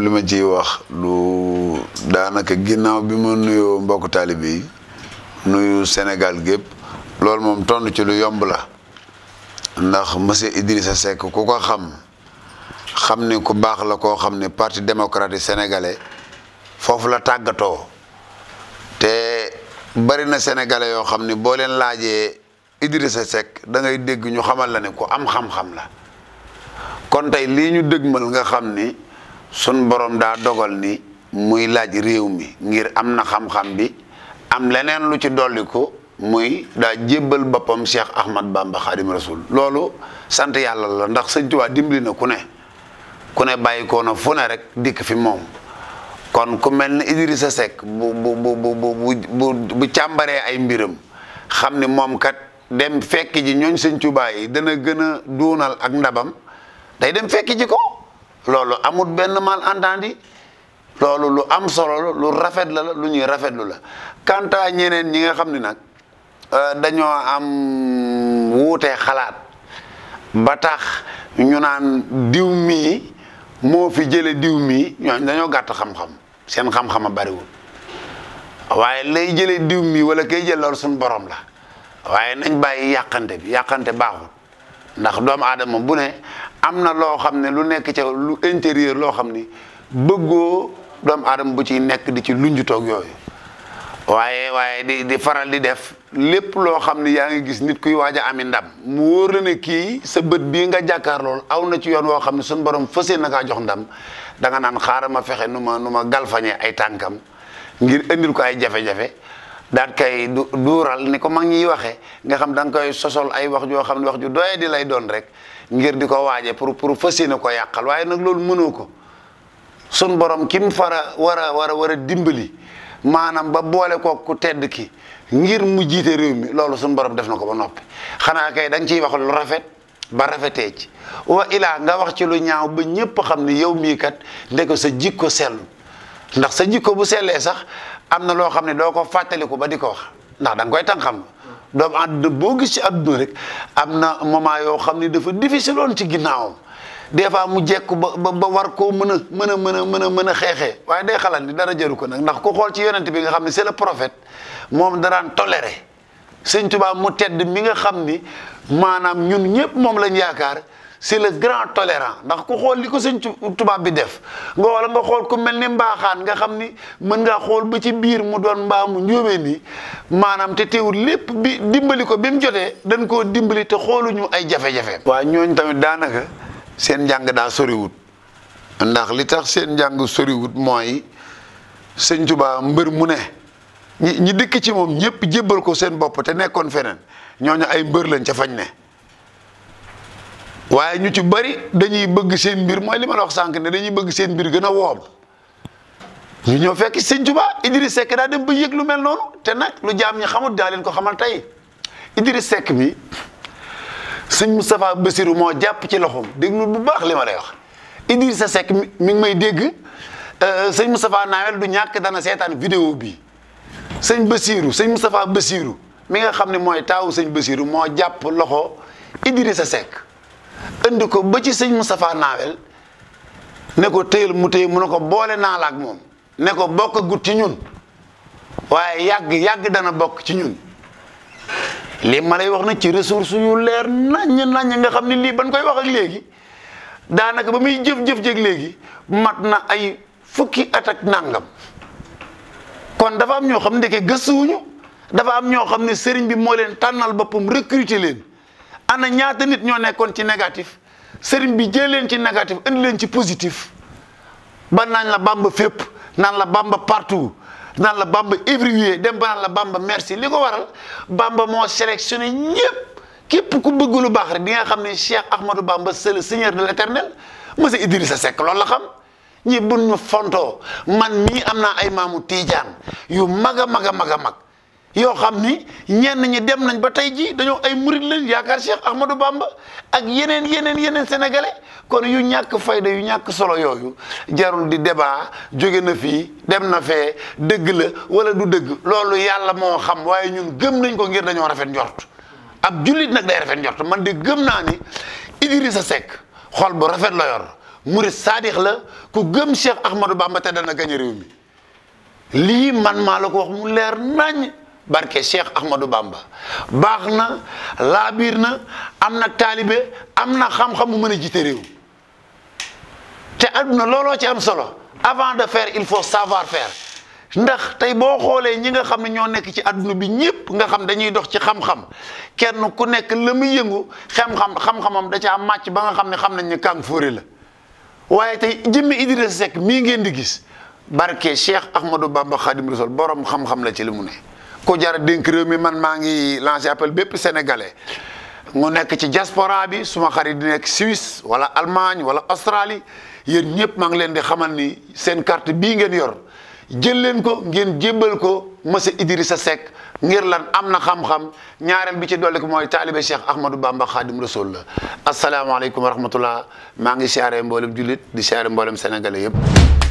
li ma ciy wax lu daanaka ginnaaw bi ma nuyoo mbokku taalibe yi nuyu Sénégal gépp loolu moom tontu ci lu yomb la ndax monsieur Idrissa Seck ku ko xam xam ni ku baax la koo xam ni parti démocratique sénégalais foofu la tàggatoo te bari na sénégalais yoo xam ni boo leen laajee Idrissa Seck da ngay dégg ñu xamal la ne ku am xam-xam la kon tey lii ñu dëgmal nga xam ni. sun borom daa dogal ni muy laaj réew mi ngir am na xam-xam bi am leneen lu ci dolli muy daa jébbal boppam Cheikh Ahmad Bamba Xaadim Rasul loolu sant yàlla la ndax sëñ dimbli na ku ne ku ne bàyyi ko na fu ne rek dikk fi moom kon ku mel ne Idrissa Seck bu bu bu bu bu càmbaree ay mbiram xam ni moom kat dem fekk ji ñooñ sëñ Tuubaa yi dana gën a duunal ak ndabam day dem fekk ji ko. loolu amul benn malentendu loolu lu am solo la lu rafet la la lu ñuy rafetlu la quant à ñeneen ñi nga xam ni nag euh, dañoo am wuute xalaat ba tax ñu naan diw mii moo fi jële diw mii ñooñ dañoo gàtt xam-xam seen xam a bariwul waaye lay jële diw mii wala kay jël loolu suñu borom la waaye nañ bàyyi yàqante bi yàqante baaxul ndax doomu aadama bu ne am na loo xam ne lu nekk ci lu intérieur loo xam ni bëggoo doomu aadama bu ciy nekk di ci lunjutoog yooyu waaye waaye di di faral di def lépp loo xam ne yaa ngi gis nit kuy waaja a ami ndam mu wóor la ne kii sa bët bii nga jàkkaar lool aw na ci yoon woo xam ne suñu borom fësee na kaa jox ndam da nga naan xaaral ma fexe nu ma nu ma galfañee ay tànkam ngir indil ko ay jafe-jafe daat kay duural ni ko mag ñiy waxee nga xam da nga koy sosol ay wax joo xam ne wax ju doye di lay doon rek ngir di ko waaje pour pour fas yéene ko yàqal waaye nag loolu mënoo ko sun borom ki mu far a war a war a war a dimbali maanaam ba boole ko ku tedd ki ngir mu jiite réew mi loolu sun borom def na ko ba noppi xanaa kay da nga ciy wax lu rafet ba rafetee ci wa ilaa nga wax ci lu ñaaw ba ñépp xam ni yow mii kat ndeke sa jikko sell ndax sa jikko bu sellee sax am na loo xam ne doo ko fàttaliku ba di ko wax ndax da nga koy tànqam doomu àdduna boo gis ci àdduna rek am na moment yoo xam ne dafa difficile woon ci ginnaawam des fois mu jekku ba ba war koo mën a mën a mën a mën a mën a xeexee waaye day xalaat ni dara jaru ko nag ndax ku xool ci yonent bi nga xam ne c'est le prophète moom daraan toléré sëñ Tuubaa mu tedd mi nga xam ni maanaam ñun ñëpp moom lañ yaakaar c'est le grand tolérant ndax ku xool li ko sëñ tubaab bi def nga wala nga xool ku mel ni mbaaxaan nga xam ni mën ngaa xool ba ci biir mu doon mbaamu njóobee ni maanaam te teewul lépp bi dimbali ko bi mu jotee dañ koo dimbali te xooluñu ay jafe-jafe. waaw ñooñ tamit daanaka seen njàng daa soriwut ndax li tax seen njàng soriwut mooy sëñ tubaab mbër mu ne ñi ñi dëkk ci moom ñëpp jébbal ko seen bopp te nekkoon feneen ñooñu ay mbër lañ cafañ ne. waaye ñu ci bari dañuy bëgg seen mbir mooy li ma la wax sànq ne dañuy bëgg seen mbir gën a woom ñu ñëw fekk sëñ Tuubaa Idrissa Seck daa dem ba yëg lu mel noonu te nag lu jaam ñi xamul daa leen ko xamal tey Idrissa Seck mi sëñ Moustapha Bassirou moo jàpp ci loxoom déglu bu baax li ma wax Idrissa Seck mi mi ngi may dégg euh, sëñ Moustapha Nawel du ñàkk dana seetaan vidéo bi sëñ Bassirou sëñ Moustapha Bassirou mi nga xam ne mooy taawu sëñ Bassirou moo jàpp loxo sa Seck indi ko ba ci sëñ Moustapha Nawel ne ko téyel mu téye mu ne ko boole naa ak moom ne ko bokk gut ci ñun waaye yàgg yàgg dana bokk ci ñun lii ma lay wax nag ci ressource yu leer naññ naññ nga xam ne lii ban koy wax léegi daanaka ba muy jëf-jëf jëg léegi mat na ay fukki at ak nàngam kon dafa am ñoo xam ne ndeke gëstuwuñu dafa am ñoo xam ne sëriñ bi moo leen tànnal boppam recruter leen ana ñaata nit ñoo nekkoon ci négatif sëriñ bi jël leen ci négatif indi leen ci positif ba naan la bamba fépp nan la bamba partout nan la bamba everywhere dem ba naan la bamba merci li ko waral bamba moo sélectionné ñëpp képp ku bëgg lu baax rek di nga xam ne Cheikh Ahmadou Bamba c'est le seigneur de l'éternel monsieur Idrissa Seck loolu la xam ñi buñ ñu fonto man mii am naa ay maamu tiijaan yu mag a mag a mag a mag yoo xam ni ñenn ñi dem nañ ba tey ji dañoo ay murit lañ yaakaar Cheikh Ahmadou Bamba ak yeneen yeneen yeneen sénégalais kon yu ñàkk fayda yu ñàkk solo yooyu jarul di debaa jóge na fii dem na fee dëgg la wala du dëgg loolu yàlla moo xam waaye ñun gëm nañ ko ngir dañoo rafet njort ab jullit nag day rafet njort man de gëm naa ni sa Seck xol bu rafet la yor murit saadix la ku gëm Cheikh Ahmadou Bamba te dana gañ réew mi lii man maa la ko wax mu leer nañ barke Cheikh Ahmadou Bamba baax na laabiir na am na taalibe am na xam-xam mu mën a jiite réew te adduna looloo ci am solo avant de faire il faut savoir faire ndax tey boo xoolee ñi nga xam ne ñoo nekk ci adduna bi ñëpp nga xam dañuy dox ci xam-xam kenn ku nekk la muy yëngu xam-xam xam-xamam da caa màcc ba nga xam ne xam nañ ne kàng fóore la waaye tey jëmmi Idrissa sekk mii ngeen di gis barke Cheikh Ahmadou Bamba Khadim Rassoul borom xam-xam la ci li ne. ku jara dénk mi man maa ngi lancé appel bépp sénégalais mu nekk ci jaspora bi suma xarit di nekk Suisse wala Allemagne wala Australie yéen ñëpp maa ngi leen di xamal ni seen carte bii ngeen yor jël leen ko ngeen jébbal ko monsieur Idrissa Seck ngir lan am na xam-xam ñaareel bi ci dolli ko mooy taalibe Cheikh Ahmadou Bamba Khadim Rasoul la asalaamaaleykum wa rahmatullah maa ngi siyaare mboolem jullit di siyaare mboolem sénégalais yëpp.